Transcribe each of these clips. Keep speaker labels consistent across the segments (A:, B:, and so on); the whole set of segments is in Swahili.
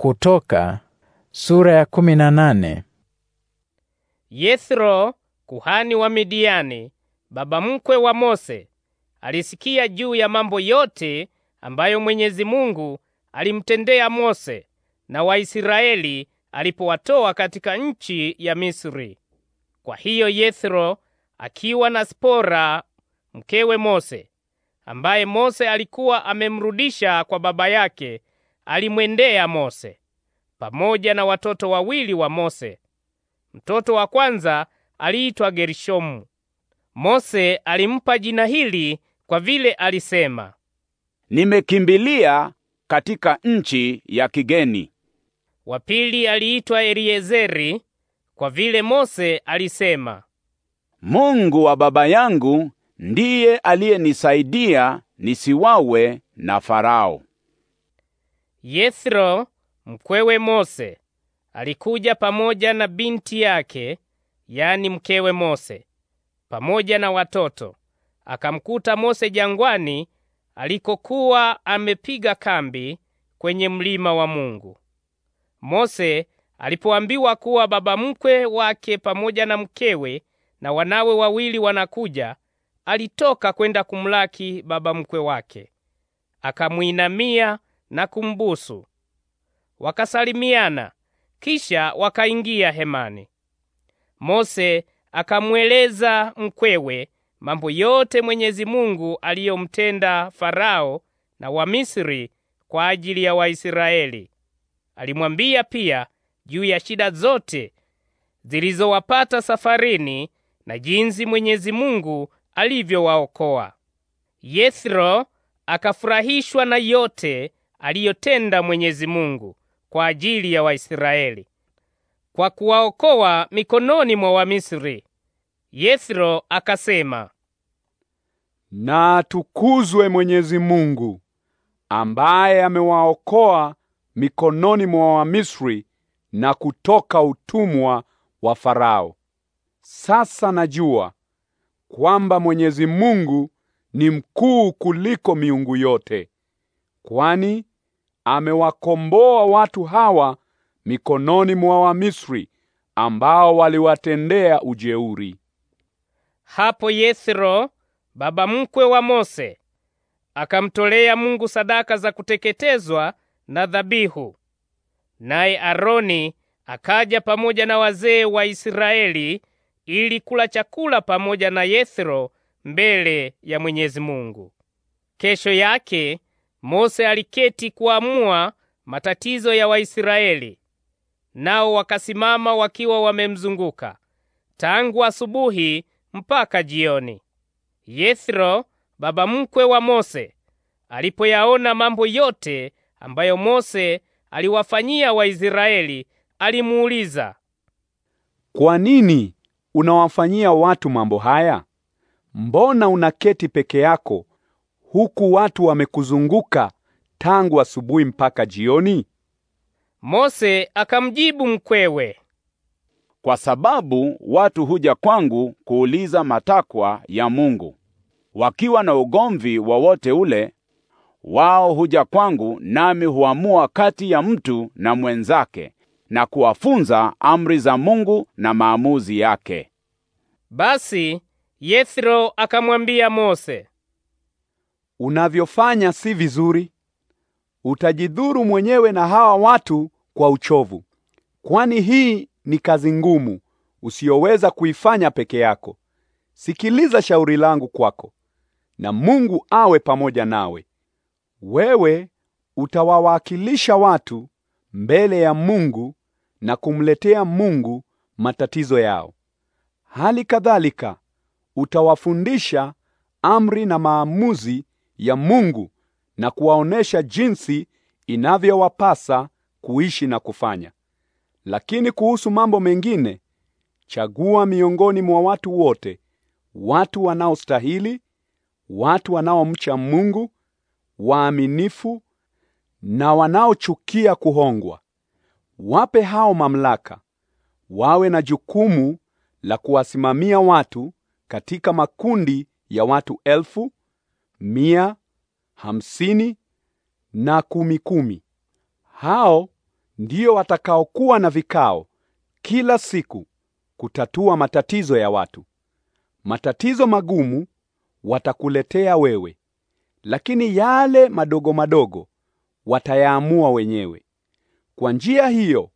A: Kutoka sura ya kumi na nane.
B: Yethro kuhani wa Midiani, baba mkwe wa Mose, alisikia juu ya mambo yote ambayo Mwenyezi Mungu alimtendea Mose na Waisraeli alipowatoa katika nchi ya Misri. Kwa hiyo Yethro akiwa na Sipora mkewe Mose, ambaye Mose alikuwa amemrudisha kwa baba yake alimwendea Mose pamoja na watoto wawili wa Mose. Mtoto wa kwanza aliitwa Gerishomu. Mose alimpa jina hili kwa vile alisema,
A: nimekimbilia katika nchi ya kigeni.
B: Wa pili aliitwa Eliezeri kwa vile Mose alisema,
A: Mungu wa baba yangu ndiye aliyenisaidia nisiwawe na Farao.
B: Yethro mkwewe Mose alikuja pamoja na binti yake, yani mkewe Mose, pamoja na watoto. Akamkuta Mose jangwani alikokuwa amepiga kambi kwenye mlima wa Mungu. Mose alipoambiwa kuwa baba mkwe wake pamoja na mkewe na wanawe wawili wanakuja, alitoka kwenda kumlaki baba mkwe wake. Akamuinamia na kumbusu. Wakasalimiana, kisha wakaingia hemani. Mose akamweleza mkwewe mambo yote Mwenyezi Mungu aliyomtenda Farao na Wamisri kwa ajili ya Waisraeli. Alimwambia pia juu ya shida zote zilizowapata safarini na jinsi Mwenyezi Mungu alivyowaokoa. Yethro akafurahishwa na yote aliyotenda Mwenyezi Mungu kwa ajili ya Waisraeli kwa kuwaokoa mikononi mwa Wamisri. Yethro akasema, na
C: tukuzwe Mwenyezi Mungu ambaye amewaokoa mikononi mwa Wamisri na kutoka utumwa wa Farao. Sasa najua kwamba Mwenyezi Mungu ni mkuu kuliko miungu yote, kwani amewakomboa watu hawa mikononi mwa Wamisri ambao waliwatendea ujeuri.
B: Hapo Yethro, baba mkwe wa Mose, akamtolea Mungu sadaka za kuteketezwa na dhabihu. Naye Aroni akaja pamoja na wazee wa Israeli ili kula chakula pamoja na Yethro mbele ya Mwenyezi Mungu. Kesho yake Mose aliketi kuamua matatizo ya Waisraeli, nao wakasimama wakiwa wamemzunguka tangu asubuhi mpaka jioni. Yethro, baba mkwe wa Mose, alipoyaona mambo yote ambayo Mose aliwafanyia Waisraeli, alimuuliza,
C: kwa nini unawafanyia watu mambo haya? Mbona unaketi peke yako huku watu wamekuzunguka tangu asubuhi mpaka jioni?
B: Mose akamjibu mkwewe,
A: kwa sababu watu huja kwangu kuuliza matakwa ya Mungu. Wakiwa na ugomvi wowote ule, wao huja kwangu nami huamua kati ya mtu na mwenzake na kuwafunza amri za Mungu na maamuzi
B: yake. Basi Yethro akamwambia Mose,
C: unavyofanya si vizuri, utajidhuru mwenyewe na hawa watu kwa uchovu, kwani hii ni kazi ngumu usiyoweza kuifanya peke yako. Sikiliza shauri langu kwako, na Mungu awe pamoja nawe. Wewe utawawakilisha watu mbele ya Mungu na kumletea Mungu matatizo yao. Hali kadhalika utawafundisha amri na maamuzi ya Mungu na kuwaonesha jinsi inavyowapasa kuishi na kufanya. Lakini kuhusu mambo mengine, chagua miongoni mwa watu wote watu wanaostahili, watu wanaomcha Mungu, waaminifu na wanaochukia kuhongwa. Wape hao mamlaka, wawe na jukumu la kuwasimamia watu katika makundi ya watu elfu mia, hamsini na kumi kumi. Hao ndio watakaokuwa na vikao kila siku kutatua matatizo ya watu. Matatizo magumu watakuletea wewe, lakini yale madogo madogo watayaamua wenyewe. Kwa njia hiyo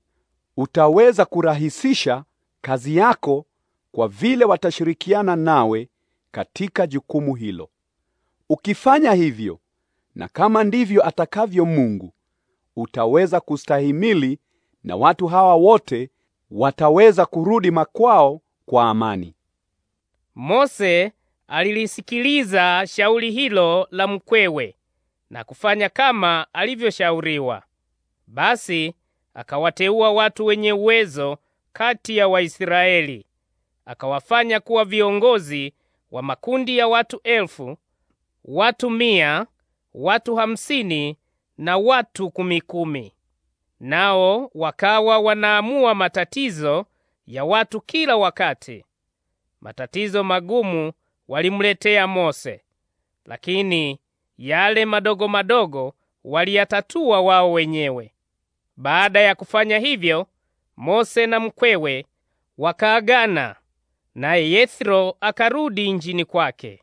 C: utaweza kurahisisha kazi yako kwa vile watashirikiana nawe katika jukumu hilo. Ukifanya hivyo, na kama ndivyo atakavyo Mungu, utaweza kustahimili na watu hawa wote wataweza kurudi makwao kwa amani.
B: Mose alilisikiliza shauri hilo la mkwewe na kufanya kama alivyoshauriwa. Basi akawateua watu wenye uwezo kati ya Waisraeli, akawafanya kuwa viongozi wa makundi ya watu elfu watu mia, watu hamsini na watu kumi kumi Nao wakawa wanaamua matatizo ya watu kila wakati. Matatizo magumu walimletea Mose, lakini yale madogo madogo waliyatatua wao wenyewe. Baada ya kufanya hivyo, Mose na mkwewe wakaagana, naye Yethro akarudi injini kwake.